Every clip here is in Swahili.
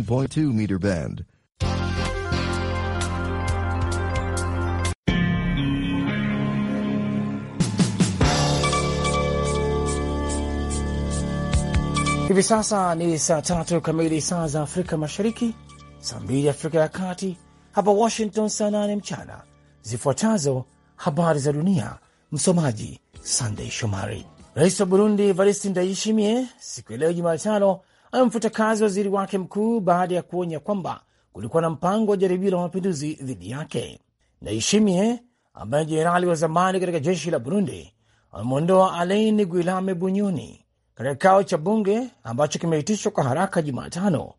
1.2 meter band. Hivi sasa ni saa tatu kamili saa za Afrika Mashariki, saa mbili Afrika ya Kati, hapa Washington saa nane mchana. Zifuatazo habari za dunia, msomaji Sandei Shomari. Rais wa Burundi Evariste Ndayishimiye siku ya leo Jumatano amfuta kazi waziri wake mkuu baada ya kuonya kwamba kulikuwa na mpango wa jaribio la mapinduzi dhidi yake. naishimie ambaye jenerali wa zamani katika jeshi la Burundi amemwondoa Alain guilame Bunyoni. Katika kikao cha bunge ambacho kimeitishwa kwa haraka Jumatano,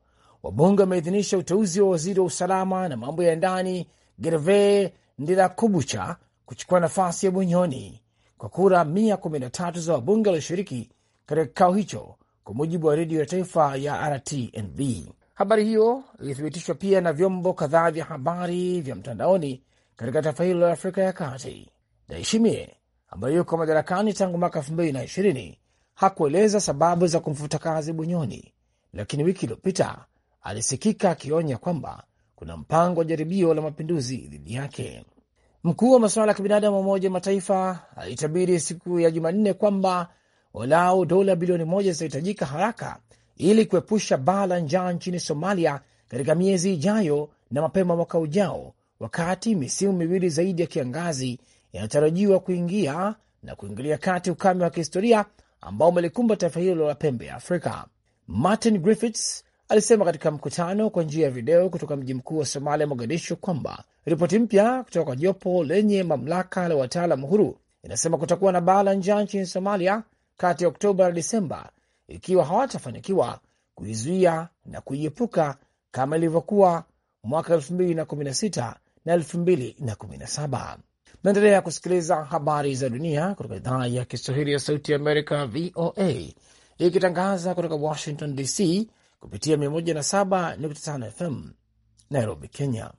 wabunge wameidhinisha uteuzi wa waziri wa usalama na mambo ya ndani Gerve Ndirakubucha kuchukua nafasi ya Bunyoni kwa kura 113 za wabunge walioshiriki katika kikao hicho kwa mujibu wa redio ya taifa ya RTNB. Habari hiyo ilithibitishwa pia na vyombo kadhaa vya habari vya mtandaoni katika taifa hilo la Afrika ya Kati. Ndayishimiye ambaye yuko madarakani tangu mwaka elfu mbili na ishirini hakueleza sababu za kumfuta kazi Bunyoni, lakini wiki iliyopita alisikika akionya kwamba kuna mpango wa jaribio la mapinduzi dhidi yake. Mkuu wa masuala ya kibinadamu wa Umoja Mataifa alitabiri siku ya Jumanne kwamba walau dola bilioni moja zitahitajika haraka ili kuepusha baa la njaa nchini Somalia katika miezi ijayo na mapema mwaka ujao, wakati misimu miwili zaidi ya kiangazi yanatarajiwa kuingia na kuingilia kati ukame wa kihistoria ambao umelikumba taifa hilo la pembe ya Afrika. Martin Griffiths alisema katika mkutano kwa njia ya video kutoka mji mkuu wa Somalia, Mogadishu, kwamba ripoti mpya kutoka kwa jopo lenye mamlaka la wataalam huru inasema kutakuwa na baa la njaa nchini Somalia kati ya Oktoba na Disemba ikiwa hawatafanikiwa kuizuia na kuiepuka kama ilivyokuwa mwaka 2016 na 2017. Naendelea kusikiliza habari za dunia kutoka idhaa ya Kiswahili ya Sauti ya Amerika, VOA, ikitangaza kutoka Washington DC kupitia 107.5 FM Nairobi, Kenya.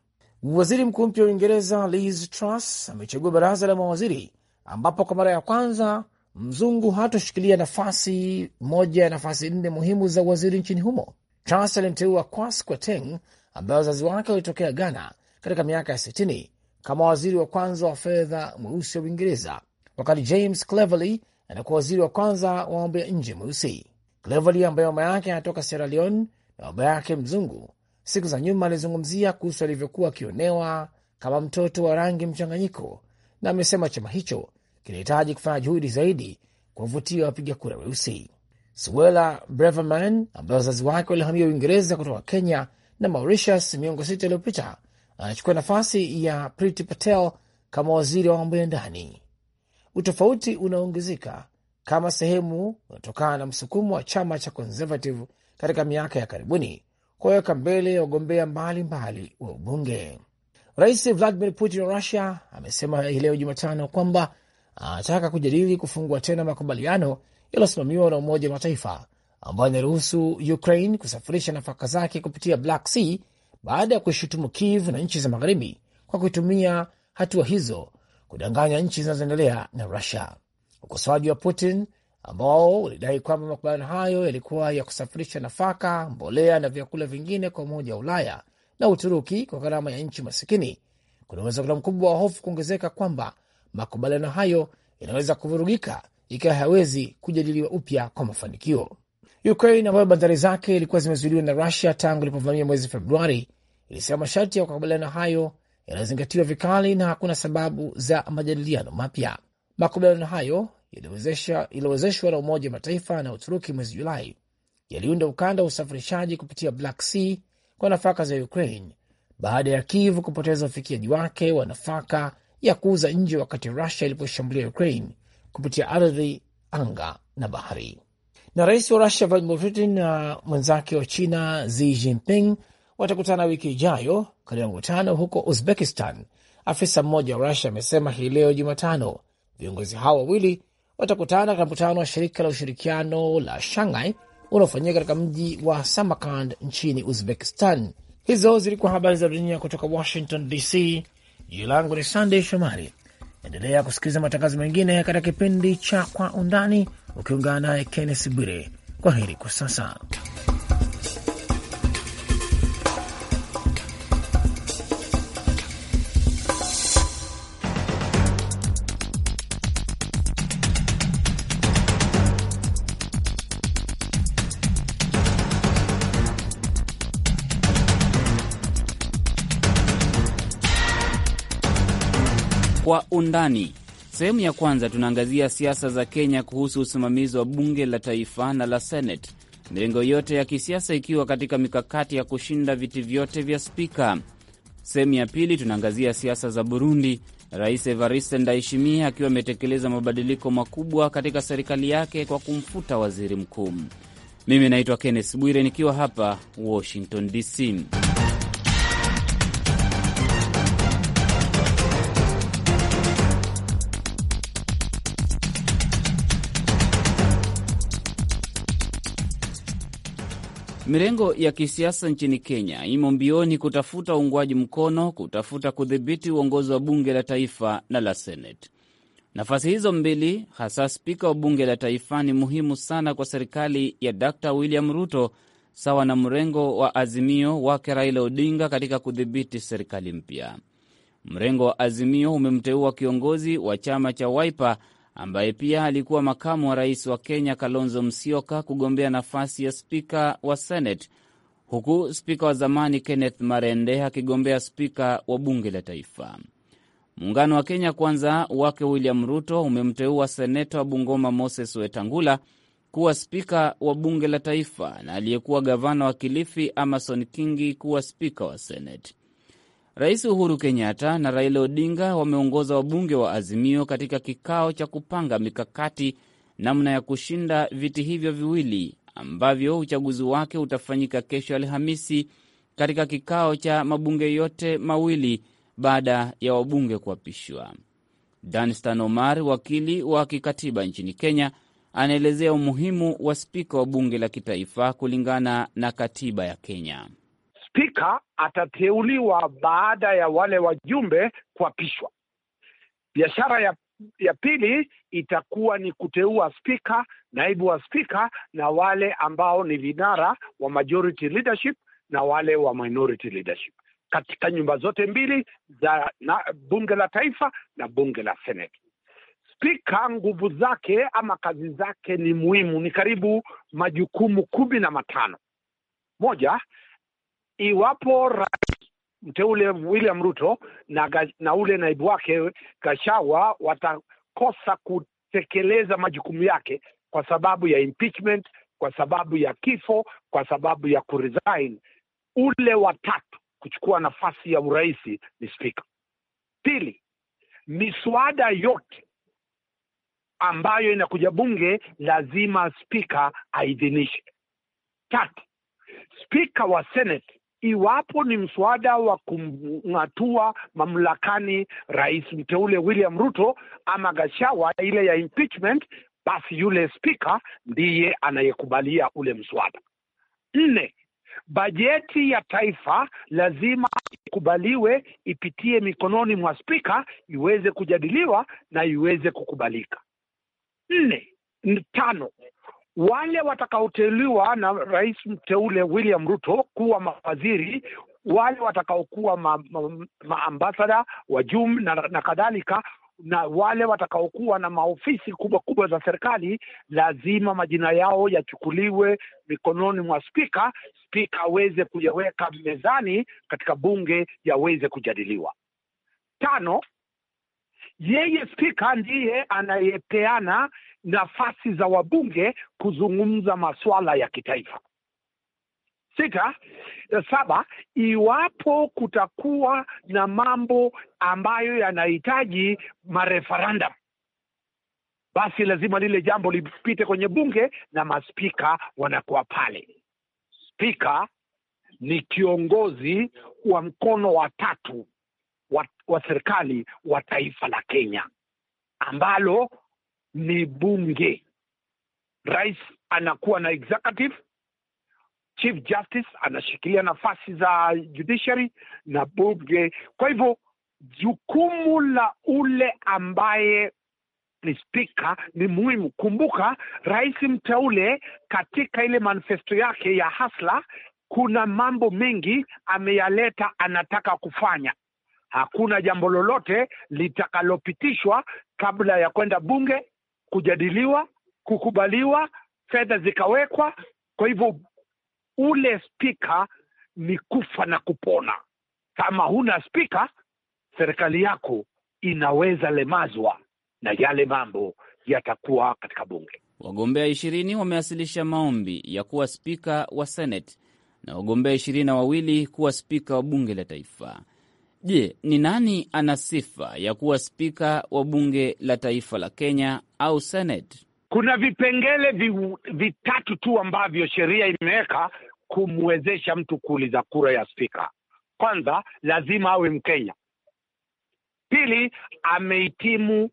Waziri mkuu mpya wa Uingereza Liz Truss amechagua baraza la mawaziri ambapo kwa mara ya kwanza mzungu hatoshikilia nafasi moja ya nafasi nne muhimu za uwaziri nchini humo. Charles alimteua Kwas Kwateng ambaye wazazi wake walitokea Ghana katika miaka ya sitini kama waziri wa kwanza wa fedha mweusi wa Uingereza, wakati James Cleverly anakuwa waziri wa kwanza wa mambo ya nje mweusi. Cleverly ambaye mama yake anatoka Sierra Leone na baba yake mzungu, siku za nyuma alizungumzia kuhusu alivyokuwa akionewa kama mtoto wa rangi mchanganyiko, na amesema chama hicho kinahitaji kufanya juhudi zaidi kuwavutia wapiga kura weusi. Suela breverman ambaye wazazi wake walihamia Uingereza kutoka Kenya na Mauritius miongo sita iliyopita anachukua nafasi ya Priti Patel kama waziri wa mambo ya ndani. Utofauti unaongezeka kama sehemu unatokana na msukumo wa chama cha Conservative katika miaka ya karibuni kuwaweka mbele ya wagombea mbalimbali wa ubunge. Rais Vladimir Putin wa Russia amesema hii leo Jumatano kwamba anataka kujadili kufungua tena makubaliano yaliyosimamiwa na Umoja wa Mataifa ambayo inaruhusu Ukraine kusafirisha nafaka zake kupitia Black Sea baada ya kushutumu Kiev na nchi za magharibi kwa kutumia hatua hizo kudanganya nchi zinazoendelea na Rusia. Ukosoaji wa Putin ambao ulidai kwamba makubaliano hayo yalikuwa ya kusafirisha nafaka, mbolea na vyakula vingine kwa Umoja wa Ulaya na Uturuki kwa gharama ya nchi masikini kuna uwezekano mkubwa wa hofu kuongezeka kwamba makubaliano hayo yanaweza kuvurugika ikiwa hayawezi kujadiliwa upya kwa mafanikio. Ukraine ambayo bandari zake ilikuwa zimezuiliwa na Rusia tangu ilipovamia mwezi Februari ilisema masharti ya makubaliano hayo yanazingatiwa vikali na hakuna sababu za majadiliano mapya. Makubaliano hayo yaliyowezeshwa na Umoja wa Mataifa na Uturuki mwezi Julai yaliunda ukanda wa usafirishaji kupitia Black Sea kwa nafaka za Ukraine baada ya Kiev kupoteza ufikiaji wake wa nafaka ya kuuza nje wakati Rusia iliposhambulia Ukraine kupitia ardhi, anga na bahari. Na rais wa Rusia Vladimir Putin na mwenzake wa China Xi Jinping watakutana wiki ijayo katika mkutano huko Uzbekistan. Afisa mmoja wa Rusia amesema hii leo Jumatano viongozi hao wawili watakutana katika mkutano wa shirika la ushirikiano la Shanghai unaofanyika katika mji wa Samarkand nchini Uzbekistan. Hizo zilikuwa habari za dunia kutoka Washington DC. Jina langu ni Sandey Shomari. Endelea kusikiliza matangazo mengine katika kipindi cha Kwa Undani, ukiungana naye Kennes Bwire. Kwa heri kwa sasa. kwa undani. Sehemu ya kwanza tunaangazia siasa za Kenya kuhusu usimamizi wa bunge la taifa na la Senate, mirengo yote ya kisiasa ikiwa katika mikakati ya kushinda viti vyote vya spika. Sehemu ya pili tunaangazia siasa za Burundi, Rais Evariste Ndayishimiye akiwa ametekeleza mabadiliko makubwa katika serikali yake kwa kumfuta waziri mkuu. Mimi naitwa Kenneth Bwire nikiwa hapa Washington DC. Mirengo ya kisiasa nchini Kenya imo mbioni kutafuta uungwaji mkono kutafuta kudhibiti uongozi wa bunge la taifa na la seneti. Nafasi hizo mbili, hasa spika wa bunge la taifa, ni muhimu sana kwa serikali ya d William Ruto, sawa na mrengo wa Azimio wake Raila Odinga katika kudhibiti serikali mpya. Mrengo wa Azimio umemteua kiongozi wa chama cha Wiper ambaye pia alikuwa makamu wa rais wa Kenya Kalonzo Musyoka kugombea nafasi ya spika wa Senate, huku spika wa zamani Kenneth Marende akigombea spika wa bunge la taifa. Muungano wa Kenya Kwanza wake William Ruto umemteua seneta wa Bungoma Moses Wetangula kuwa spika wa bunge la taifa na aliyekuwa gavana wa Kilifi Amason Kingi kuwa spika wa Senate. Rais Uhuru Kenyatta na Raila Odinga wameongoza wabunge wa Azimio katika kikao cha kupanga mikakati namna ya kushinda viti hivyo viwili ambavyo uchaguzi wake utafanyika kesho Alhamisi katika kikao cha mabunge yote mawili baada ya wabunge kuapishwa. Danstan Omar, wakili wa kikatiba nchini Kenya, anaelezea umuhimu wa spika wa bunge la kitaifa kulingana na katiba ya Kenya. Spika atateuliwa baada ya wale wajumbe kuapishwa. Biashara ya, ya pili itakuwa ni kuteua spika, naibu wa spika na wale ambao ni vinara wa majority leadership na wale wa minority leadership katika nyumba zote mbili za na, bunge la taifa na bunge la seneti. Spika nguvu zake ama kazi zake ni muhimu, ni karibu majukumu kumi na matano. Moja, iwapo rais mteule William Ruto na, na ule naibu wake Gashawa watakosa kutekeleza majukumu yake kwa sababu ya impeachment, kwa sababu ya kifo, kwa sababu ya kuresign, ule watatu kuchukua nafasi ya urais ni spika. Pili, miswada yote ambayo inakuja bunge lazima spika aidhinishe. Tatu, spika wa Senate iwapo ni mswada wa kumng'atua mamlakani rais mteule William Ruto ama Gachagua, ile ya impeachment, basi yule spika ndiye anayekubalia ule mswada. Nne, bajeti ya taifa lazima ikubaliwe, ipitie mikononi mwa spika, iweze kujadiliwa na iweze kukubalika. Nne tano, wale watakaoteuliwa na rais mteule William Ruto kuwa mawaziri wale watakaokuwa maambasada ma, ma, ma wajum na, na kadhalika na wale watakaokuwa na maofisi kubwa kubwa za serikali lazima majina yao yachukuliwe mikononi mwa spika, spika aweze kuyaweka mezani katika bunge yaweze kujadiliwa. Tano, yeye spika ndiye anayepeana nafasi za wabunge kuzungumza masuala ya kitaifa. Sita, eh, saba, iwapo kutakuwa na mambo ambayo yanahitaji mareferendum, basi lazima lile jambo lipite kwenye bunge na maspika wanakuwa pale. Spika ni kiongozi wa mkono wa tatu wa, wa serikali wa taifa la Kenya ambalo ni bunge. Rais anakuwa na executive, chief justice anashikilia nafasi za judiciary na bunge. Kwa hivyo jukumu la ule ambaye ni spika ni muhimu. Kumbuka rais mteule katika ile manifesto yake ya hasla, kuna mambo mengi ameyaleta, anataka kufanya. Hakuna jambo lolote litakalopitishwa kabla ya kwenda bunge kujadiliwa, kukubaliwa, fedha zikawekwa. Kwa hivyo ule spika ni kufa na kupona. Kama huna spika, serikali yako inaweza lemazwa na yale mambo yatakuwa katika bunge. Wagombea ishirini wamewasilisha maombi ya kuwa spika wa seneti na wagombea ishirini na wawili kuwa spika wa bunge la taifa. Je, ni nani ana sifa ya kuwa spika wa bunge la taifa la Kenya au seneti? Kuna vipengele vi, vitatu tu ambavyo sheria imeweka kumwezesha mtu kuuliza kura ya spika. Kwanza, lazima awe Mkenya. Pili, amehitimu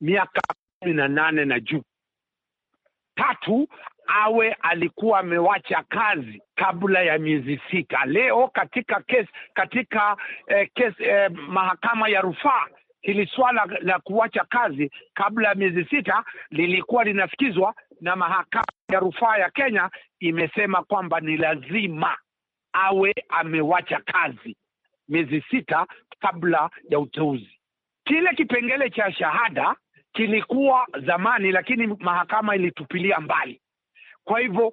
miaka kumi na nane na juu. Tatu, awe alikuwa amewacha kazi kabla ya miezi sita. Leo katika kesi, katika eh, kesi, eh, mahakama ya rufaa hili swala la kuwacha kazi kabla ya miezi sita lilikuwa linasikizwa na mahakama ya rufaa ya Kenya imesema kwamba ni lazima awe amewacha kazi miezi sita kabla ya uteuzi. Kile kipengele cha shahada kilikuwa zamani, lakini mahakama ilitupilia mbali. Kwa hivyo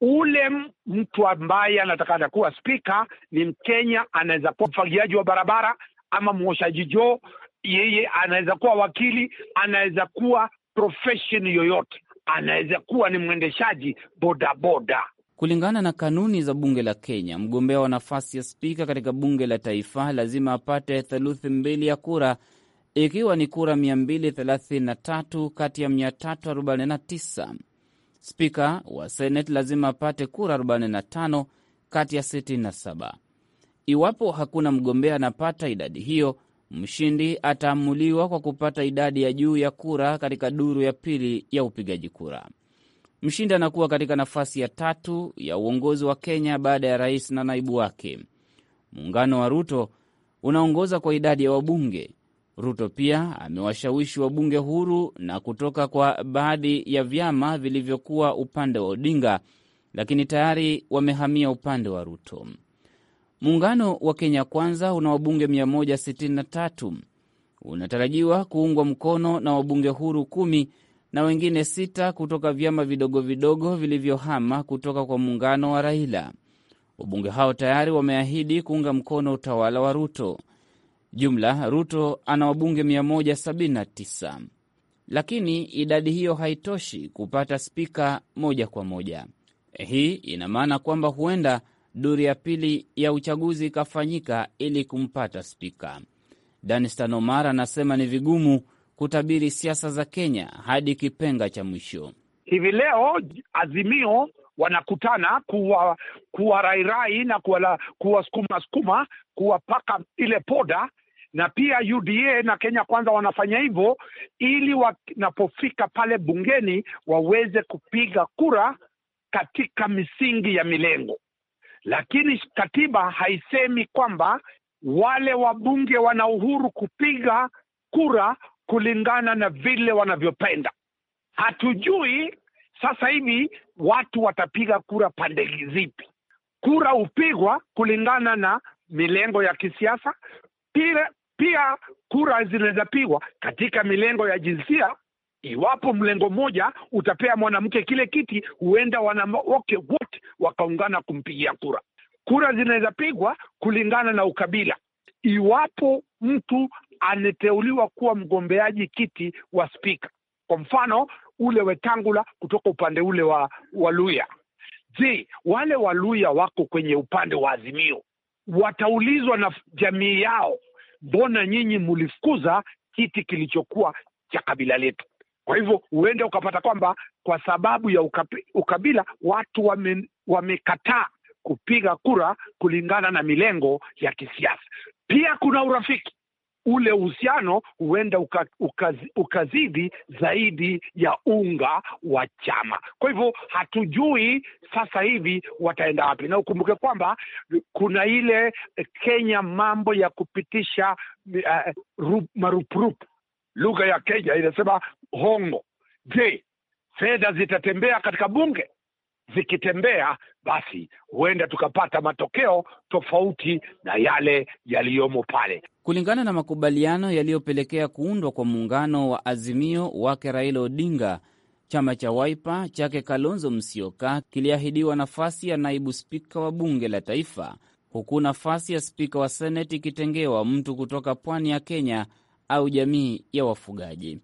ule mtu ambaye anataka kuwa spika ni Mkenya, anaweza kuwa mfagiaji wa barabara ama mwoshaji joo, yeye anaweza kuwa wakili, anaweza kuwa profession yoyote, anaweza kuwa ni mwendeshaji bodaboda. Kulingana na kanuni za bunge la Kenya, mgombea wa nafasi ya spika katika bunge la taifa lazima apate theluthi mbili ya kura, ikiwa ni kura 233 kati ya 349 Spika wa senate lazima apate kura 45 kati ya 67. Iwapo hakuna mgombea anapata idadi hiyo, mshindi ataamuliwa kwa kupata idadi ya juu ya kura katika duru ya pili ya upigaji kura. Mshindi anakuwa katika nafasi ya tatu ya uongozi wa Kenya baada ya rais na naibu wake. Muungano wa Ruto unaongoza kwa idadi ya wabunge Ruto pia amewashawishi wabunge huru na kutoka kwa baadhi ya vyama vilivyokuwa upande wa Odinga, lakini tayari wamehamia upande wa Ruto. Muungano wa Kenya Kwanza una wabunge 163 unatarajiwa kuungwa mkono na wabunge huru kumi na wengine sita kutoka vyama vidogo vidogo vilivyohama kutoka kwa muungano wa Raila. Wabunge hao tayari wameahidi kuunga mkono utawala wa Ruto. Jumla, Ruto ana wabunge 179 lakini idadi hiyo haitoshi kupata spika moja kwa moja. Eh, hii ina maana kwamba huenda duru ya pili ya uchaguzi ikafanyika ili kumpata spika. Danistan Omar anasema ni vigumu kutabiri siasa za Kenya hadi kipenga cha mwisho. Hivi leo Azimio wanakutana kuwa kuwarairai na kuwasukuma sukuma kuwapaka ile poda na pia UDA na Kenya Kwanza wanafanya hivyo ili wanapofika pale bungeni waweze kupiga kura katika misingi ya milengo, lakini katiba haisemi kwamba wale wabunge wana uhuru kupiga kura kulingana na vile wanavyopenda. Hatujui sasa hivi watu watapiga kura pande zipi. Kura hupigwa kulingana na milengo ya kisiasa, pia pia kura zinaweza pigwa katika milengo ya jinsia. Iwapo mlengo mmoja utapea mwanamke kile kiti, huenda wanawake wote wakaungana kumpigia kura. Kura zinaweza pigwa kulingana na ukabila. Iwapo mtu anateuliwa kuwa mgombeaji kiti wa spika, kwa mfano ule Wetangula kutoka upande ule wa Waluya, je, wale Waluya wako kwenye upande wa Azimio wataulizwa na jamii yao mbona nyinyi mlifukuza kiti kilichokuwa cha kabila letu? Kwa hivyo huende ukapata kwamba kwa sababu ya ukapi, ukabila watu wame, wamekataa kupiga kura kulingana na milengo ya kisiasa. Pia kuna urafiki ule uhusiano huenda uka, ukaz, ukazidi zaidi ya unga wa chama. Kwa hivyo hatujui sasa hivi wataenda wapi, na ukumbuke kwamba kuna ile Kenya mambo ya kupitisha uh, marupurupu, lugha ya Kenya inasema hongo. Je, fedha zitatembea katika bunge? zikitembea, basi huenda tukapata matokeo tofauti na yale yaliyomo pale. Kulingana na makubaliano yaliyopelekea kuundwa kwa muungano wa Azimio wake Raila Odinga, chama cha waipa chake Kalonzo Musyoka kiliahidiwa nafasi ya naibu spika wa bunge la taifa, huku nafasi ya spika wa seneti ikitengewa mtu kutoka pwani ya Kenya au jamii ya wafugaji.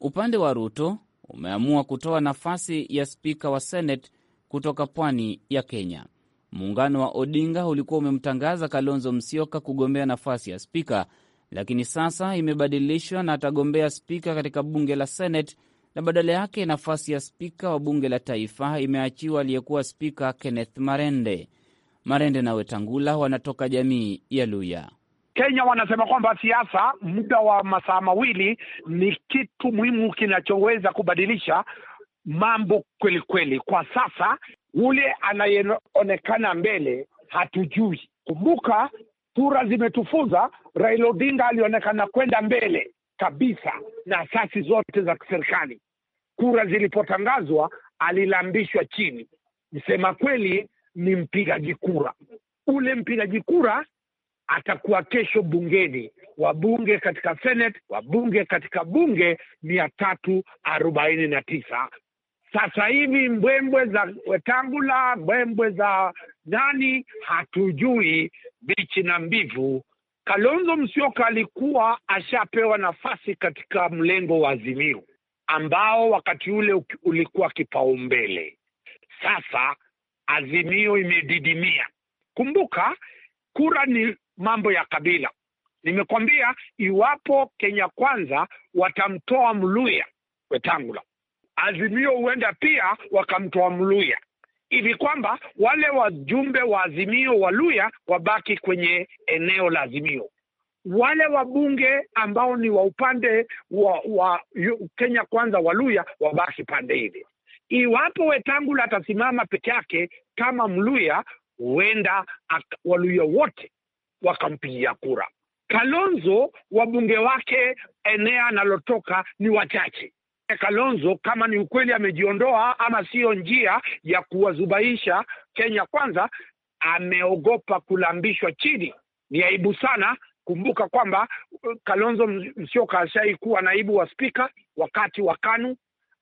Upande wa Ruto umeamua kutoa nafasi ya spika wa seneti kutoka pwani ya Kenya. Muungano wa Odinga ulikuwa umemtangaza Kalonzo Musyoka kugombea nafasi ya spika, lakini sasa imebadilishwa na atagombea spika katika bunge la Senate, na badala yake nafasi ya spika wa bunge la taifa imeachiwa aliyekuwa spika Kenneth Marende. Marende na Wetangula wanatoka jamii ya Luya. Kenya wanasema kwamba siasa muda wa masaa mawili ni kitu muhimu kinachoweza kubadilisha mambo kweli kweli. Kwa sasa ule anayeonekana mbele hatujui. Kumbuka kura zimetufunza, Raila Odinga alionekana kwenda mbele kabisa na asasi zote za kiserikali. Kura zilipotangazwa alilambishwa chini. msema kweli, ni mpigaji kura. Ule mpigaji kura atakuwa kesho bungeni, wabunge katika Senate, wabunge katika bunge mia tatu arobaini na tisa sasa hivi mbwembwe za Wetangula, mbwembwe za nani, hatujui bichi na mbivu. Kalonzo Musyoka alikuwa ashapewa nafasi katika mlengo wa Azimio ambao wakati ule ulikuwa kipaumbele. Sasa Azimio imedidimia. Kumbuka kura ni mambo ya kabila. Nimekwambia, iwapo Kenya Kwanza watamtoa Mluya Wetangula Azimio huenda pia wakamtoa Mluya hivi kwamba wale wajumbe wa Azimio wa Luya wabaki kwenye eneo la Azimio. Wale wabunge ambao ni wa upande wa, wa Kenya Kwanza wa Luya wabaki pande hili. Iwapo Wetangula atasimama peke yake kama Mluya, huenda Waluya wote wakampigia kura. Kalonzo wabunge wake eneo analotoka ni wachache, Kalonzo kama ni ukweli amejiondoa ama siyo njia ya kuwazubaisha Kenya Kwanza, ameogopa kulambishwa chini. Ni aibu sana. Kumbuka kwamba uh, Kalonzo Musyoka ashai kuwa naibu wa spika wakati wa KANU,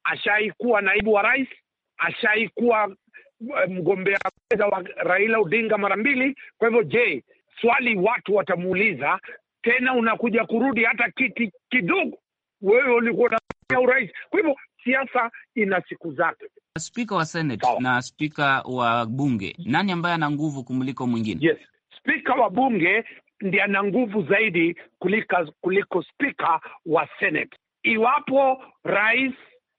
ashai kuwa naibu wa rais, ashai kuwa uh, mgombea mwenza wa Raila Odinga mara mbili. Kwa hivyo, je, swali watu watamuuliza tena, unakuja kurudi hata kiti kidogo wewe ulikuwa na urais. Kwa hivyo siasa ina siku zake. Spika wa Senate na spika wa bunge, nani ambaye ana nguvu kumliko mwingine? Yes, spika wa bunge ndiye ana nguvu zaidi kulika, kuliko spika wa Senate. Iwapo rais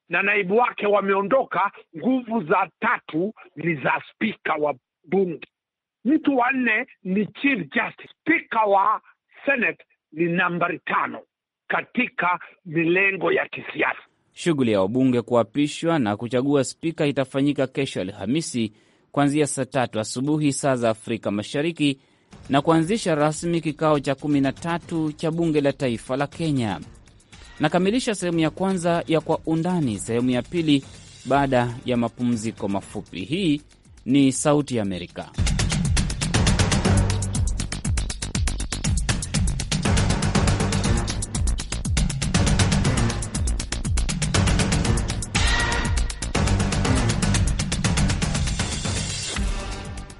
na naibu wake wameondoka, nguvu za tatu ni za spika wa bunge. Mtu wa nne ni chief justice. Spika wa Senate ni nambari tano katika milengo ya kisiasa. Shughuli ya wabunge kuapishwa na kuchagua spika itafanyika kesho Alhamisi kuanzia saa tatu asubuhi saa za Afrika Mashariki na kuanzisha rasmi kikao cha 13 cha bunge la taifa la Kenya. Nakamilisha sehemu ya kwanza ya Kwa Undani. Sehemu ya pili baada ya mapumziko mafupi. Hii ni Sauti ya Amerika.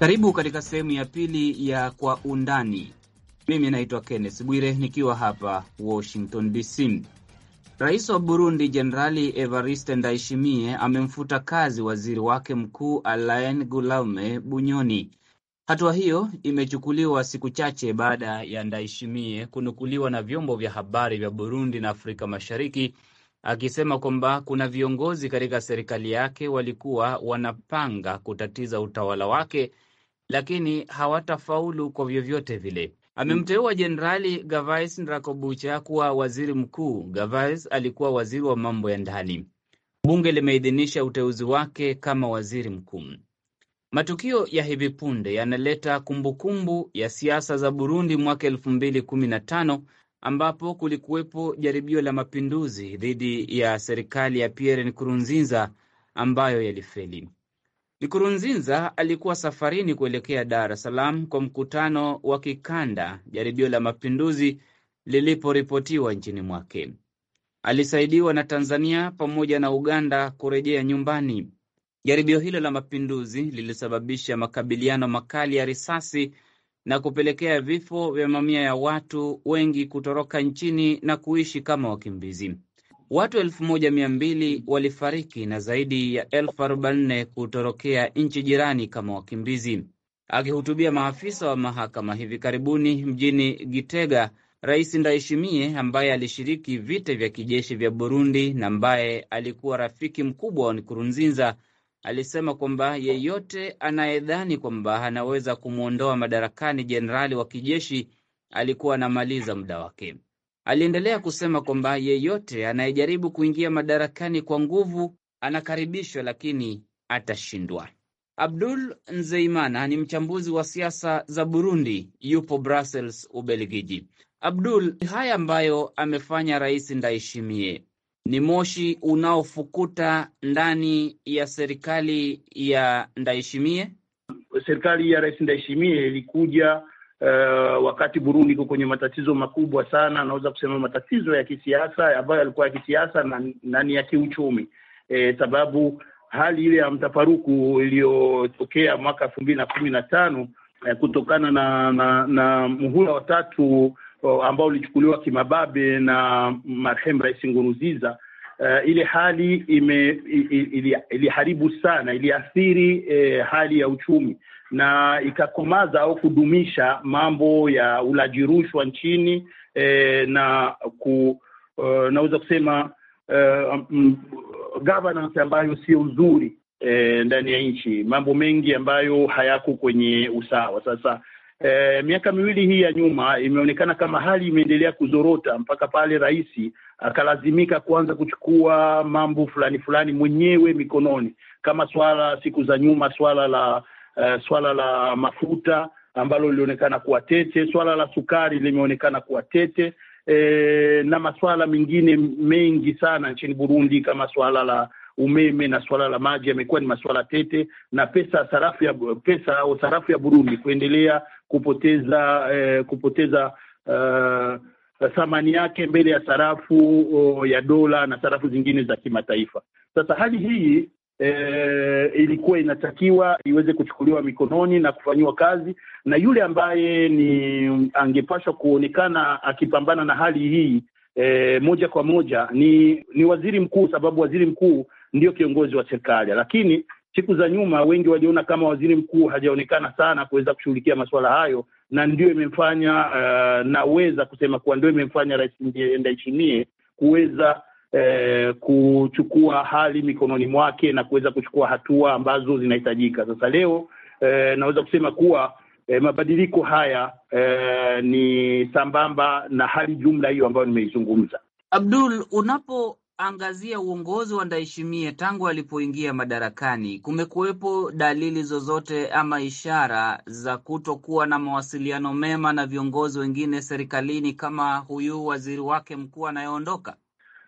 Karibu katika sehemu ya pili ya Kwa Undani. Mimi naitwa kennes Bwire nikiwa hapa Washington DC. Rais wa Burundi Jenerali Evariste Ndayishimiye amemfuta kazi waziri wake mkuu Alain Guillaume Bunyoni. Hatua hiyo imechukuliwa siku chache baada ya Ndayishimiye kunukuliwa na vyombo vya habari vya Burundi na Afrika Mashariki akisema kwamba kuna viongozi katika serikali yake walikuwa wanapanga kutatiza utawala wake lakini hawatafaulu kwa vyovyote vile. Mm. Amemteua Jenerali Gavais Ndrakobucha kuwa waziri mkuu. Gavais alikuwa waziri wa mambo ya ndani. Bunge limeidhinisha uteuzi wake kama waziri mkuu. Matukio ya hivi punde yanaleta kumbukumbu ya siasa za Burundi mwaka elfu mbili kumi na tano ambapo kulikuwepo jaribio la mapinduzi dhidi ya serikali ya Pierre Nkurunziza ambayo yalifeli. Nkurunziza alikuwa safarini kuelekea Dar es Salaam kwa mkutano wa kikanda jaribio la mapinduzi liliporipotiwa nchini mwake. Alisaidiwa na Tanzania pamoja na Uganda kurejea nyumbani. Jaribio hilo la mapinduzi lilisababisha makabiliano makali ya risasi na kupelekea vifo vya mamia ya watu, wengi kutoroka nchini na kuishi kama wakimbizi watu 120 walifariki na zaidi ya 44 kutorokea nchi jirani kama wakimbizi. Akihutubia maafisa wa mahakama hivi karibuni mjini Gitega, Rais Ndayishimiye ambaye alishiriki vita vya kijeshi vya Burundi na ambaye alikuwa rafiki mkubwa wa Nkurunziza alisema kwamba yeyote anayedhani kwamba anaweza kumwondoa madarakani jenerali wa kijeshi alikuwa anamaliza muda wake. Aliendelea kusema kwamba yeyote anayejaribu kuingia madarakani kwa nguvu anakaribishwa, lakini atashindwa. Abdul Nzeimana ni mchambuzi wa siasa za Burundi, yupo Brussels, Ubelgiji. Abdul, haya ambayo amefanya Rais Ndayishimiye ni moshi unaofukuta ndani ya serikali ya Ndayishimiye. Serikali ya Rais Ndayishimiye ilikuja uh, wakati Burundi iko kwenye matatizo makubwa sana, anaweza kusema matatizo ya kisiasa ambayo yalikuwa ya kisiasa na, na ni ya kiuchumi e, sababu hali ile ya mtafaruku iliyotokea mwaka elfu mbili na kumi na tano eh, kutokana na na, na muhula watatu ambao ulichukuliwa kimababe na marehemu Rais Nkurunziza. Uh, ile hali ime iliharibu ili, ili sana iliathiri eh, hali ya uchumi na ikakomaza au kudumisha mambo ya ulaji rushwa nchini e, na ku uh, naweza kusema uh, um, governance ambayo sio nzuri e, ndani ya nchi, mambo mengi ambayo hayako kwenye usawa. Sasa E, miaka miwili hii ya nyuma imeonekana kama hali imeendelea kuzorota mpaka pale rais akalazimika kuanza kuchukua mambo fulani fulani mwenyewe mikononi, kama swala siku za nyuma, swala la uh, swala la mafuta ambalo lilionekana kuwa tete, swala la sukari limeonekana kuwa tete e, na masuala mengine mengi sana nchini Burundi kama swala la umeme na swala la maji yamekuwa ni masuala tete, na pesa sarafu ya pesa au sarafu ya Burundi kuendelea kupoteza e, kupoteza uh, thamani yake mbele ya sarafu oh, ya dola na sarafu zingine za kimataifa. Sasa hali hii eh, ilikuwa inatakiwa iweze kuchukuliwa mikononi na kufanyiwa kazi, na yule ambaye ni angepashwa kuonekana akipambana na hali hii eh, moja kwa moja ni ni waziri mkuu, sababu waziri mkuu ndio kiongozi wa serikali. Lakini siku za nyuma wengi waliona kama waziri mkuu hajaonekana sana kuweza kushughulikia masuala hayo, na ndio imemfanya uh, naweza kusema kuwa ndio imemfanya Rais Ndayishimiye kuweza eh, kuchukua hali mikononi mwake na kuweza kuchukua hatua ambazo zinahitajika. Sasa leo eh, naweza kusema kuwa eh, mabadiliko haya eh, ni sambamba na hali jumla hiyo ambayo nimeizungumza. Abdul, unapoangazia uongozi wa ndaishimie tangu alipoingia madarakani, kumekuwepo dalili zozote ama ishara za kutokuwa na mawasiliano mema na viongozi wengine serikalini kama huyu waziri wake mkuu anayeondoka?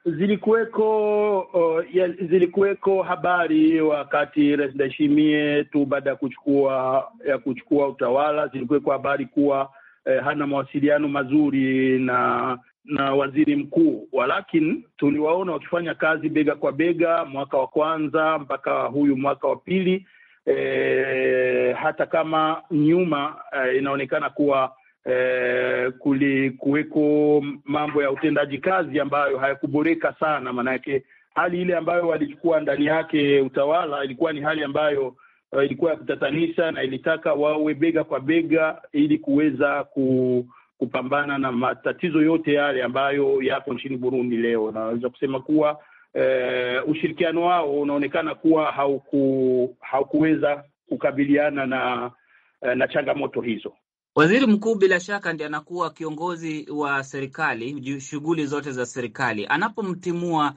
Zilikuweko uh, zilikuweko habari wakati Rais Ndayishimiye tu baada ya kuchukua ya kuchukua utawala, zilikuweko habari kuwa eh, hana mawasiliano mazuri na na waziri mkuu, walakini tuliwaona wakifanya kazi bega kwa bega mwaka wa kwanza mpaka huyu mwaka wa pili. Eh, hata kama nyuma eh, inaonekana kuwa eh, kuweko mambo ya utendaji kazi ambayo hayakuboreka sana, maanake hali ile ambayo walichukua ndani yake utawala ilikuwa ni hali ambayo uh, ilikuwa ya kutatanisha na ilitaka wawe bega kwa bega ili kuweza ku, kupambana na matatizo yote yale ambayo yapo nchini Burundi leo. Naweza kusema kuwa e, ushirikiano wao unaonekana kuwa hauku, haukuweza kukabiliana na eh, na changamoto hizo. Waziri mkuu bila shaka ndiye anakuwa kiongozi wa serikali, shughuli zote za serikali. Anapomtimua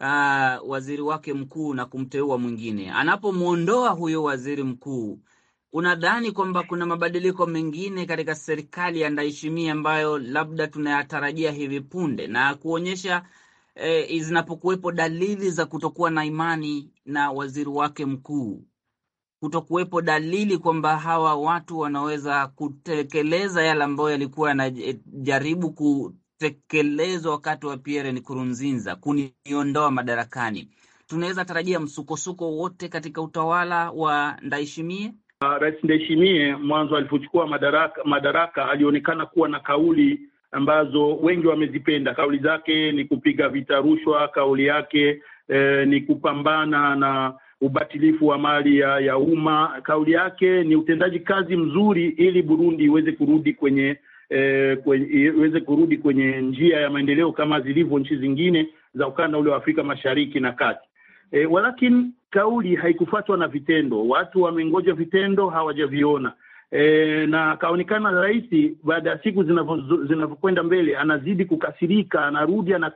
uh, waziri wake mkuu na kumteua mwingine, anapomwondoa huyo waziri mkuu, unadhani kwamba kuna mabadiliko mengine katika serikali ya ambayo labda tunayatarajia hivi punde na kuonyesha eh, zinapokuwepo dalili za kutokuwa na imani na waziri wake mkuu kutokuwepo dalili kwamba hawa watu wanaweza kutekeleza yale ambayo yalikuwa yanajaribu kutekelezwa wakati wa Pierre Nkurunziza, kuniondoa madarakani. Tunaweza tarajia msukosuko wote katika utawala wa Ndaishimie. Uh, ah, Rais Ndaishimie mwanzo alipochukua madaraka, madaraka alionekana kuwa na kauli ambazo wengi wamezipenda. Kauli zake ni kupiga vita rushwa, kauli yake eh, ni kupambana na ubatilifu wa mali ya, ya umma. Kauli yake ni utendaji kazi mzuri ili Burundi iweze kurudi kwenye eh, iweze eh, kurudi kwenye njia ya maendeleo kama zilivyo nchi zingine za ukanda ule wa Afrika Mashariki na Kati. Eh, walakin kauli haikufuatwa na vitendo. Watu wamengoja vitendo, hawajaviona. Eh, na kaonekana rais baada ya siku zinavyokwenda mbele anazidi kukasirika, anarudi ana,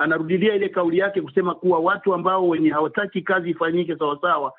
anarudilia ile kauli yake kusema kuwa watu ambao wenye hawataki kazi ifanyike sawasawa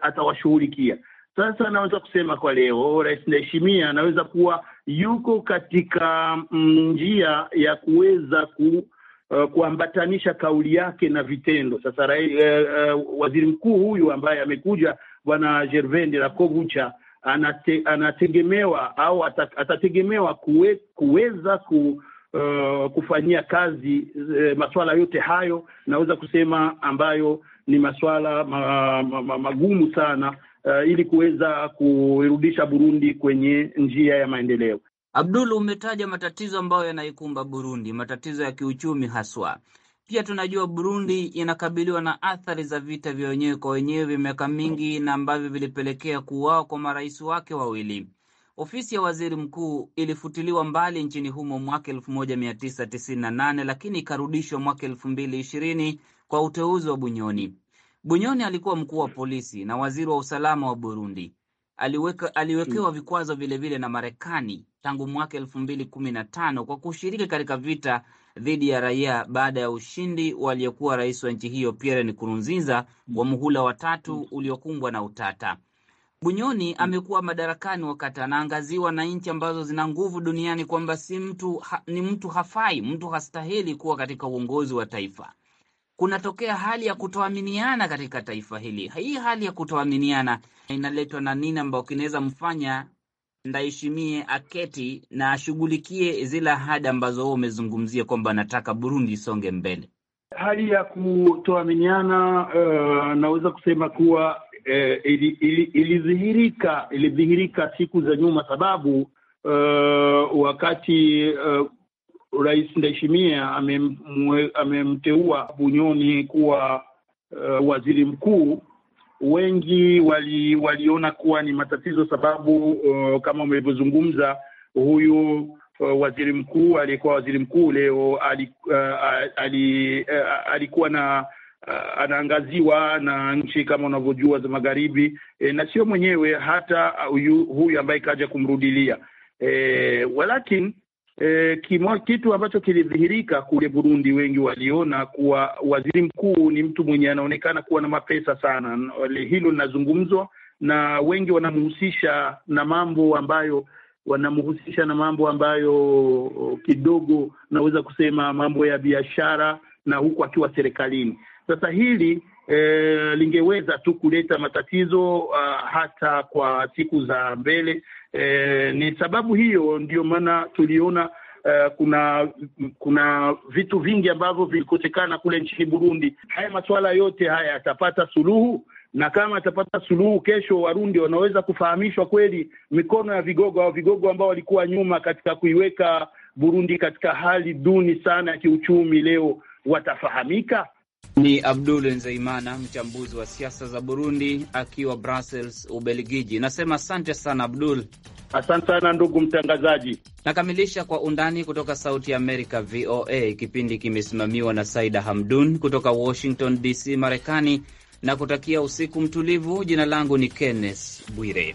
atawashughulikia. Sasa naweza kusema kwa leo Rais Ndayishimiye anaweza kuwa yuko katika mm, njia ya kuweza ku Uh, kuambatanisha kauli yake na vitendo. Sasa uh, uh, waziri mkuu huyu ambaye amekuja bwana la Rakovicha anate, anategemewa au atategemewa kuwe, kuweza ku, uh, kufanyia kazi uh, eh, masuala yote hayo, naweza kusema ambayo ni masuala ma, ma, ma, magumu sana uh, ili kuweza kuirudisha Burundi kwenye njia ya maendeleo. Abdul, umetaja matatizo ambayo yanaikumba Burundi, matatizo ya kiuchumi haswa. Pia tunajua Burundi inakabiliwa na athari za vita vya wenyewe kwa wenyewe vya miaka mingi na ambavyo vilipelekea kuuawa kwa marais wake wawili. Ofisi ya waziri mkuu ilifutiliwa mbali nchini humo mwaka 1998 lakini ikarudishwa mwaka 2020 kwa uteuzi wa Bunyoni. Bunyoni alikuwa mkuu wa polisi na waziri wa usalama wa Burundi. Aliweka, aliwekewa vikwazo vilevile na Marekani tangu mwaka 2015 kwa kushiriki katika vita dhidi ya raia baada ya ushindi wa aliyekuwa rais wa nchi hiyo Pierre Nkurunziza wa muhula watatu uliokumbwa na utata. Bunyoni amekuwa madarakani wakati anaangaziwa na nchi ambazo zina nguvu duniani kwamba si mtu ha, ni mtu hafai, mtu hastahili kuwa katika uongozi wa taifa. Kunatokea hali ya kutoaminiana katika taifa hili. Hii hali ya kutoaminiana inaletwa na nini ambayo kinaweza mfanya Ndaheshimie aketi na ashughulikie zile ahadi ambazo wewe umezungumzia kwamba anataka Burundi isonge mbele? Hali ya kutoaminiana, uh, naweza kusema kuwa eh, ilidhihirika ili, ili ilidhihirika siku za nyuma, sababu uh, wakati uh, Rais Ndayishimiye amemteua Bunyoni kuwa uh, waziri mkuu, wengi wali, waliona kuwa ni matatizo sababu uh, kama mlivyozungumza huyu uh, waziri mkuu aliyekuwa waziri mkuu leo ali, uh, ali, uh, alikuwa na uh, anaangaziwa na nchi kama unavyojua za magharibi e, na sio mwenyewe hata huyu ambaye kaja kumrudilia e, walakin e, kimo, kitu ambacho kilidhihirika kule Burundi, wengi waliona kuwa waziri mkuu ni mtu mwenye anaonekana kuwa na mapesa sana. Hilo linazungumzwa na wengi wanamhusisha na mambo ambayo wanamhusisha na mambo ambayo kidogo naweza kusema mambo ya biashara na huku akiwa serikalini. Sasa hili E, lingeweza tu kuleta matatizo uh, hata kwa siku za mbele. E, ni sababu hiyo ndio maana tuliona uh, kuna kuna vitu vingi ambavyo vilikosekana kule nchini Burundi. Haya masuala yote haya yatapata suluhu, na kama atapata suluhu kesho, Warundi wanaweza kufahamishwa kweli mikono ya vigogo au vigogo ambao walikuwa nyuma katika kuiweka Burundi katika hali duni sana ya kiuchumi, leo watafahamika ni Abdul Nzeimana, mchambuzi wa siasa za Burundi akiwa Brussels, Ubelgiji. Nasema asante sana Abdul. Asante sana ndugu mtangazaji. Nakamilisha kwa undani kutoka Sauti ya Amerika, VOA. Kipindi kimesimamiwa na Saida Hamdun kutoka Washington DC, Marekani, na kutakia usiku mtulivu. Jina langu ni Kenneth Bwire.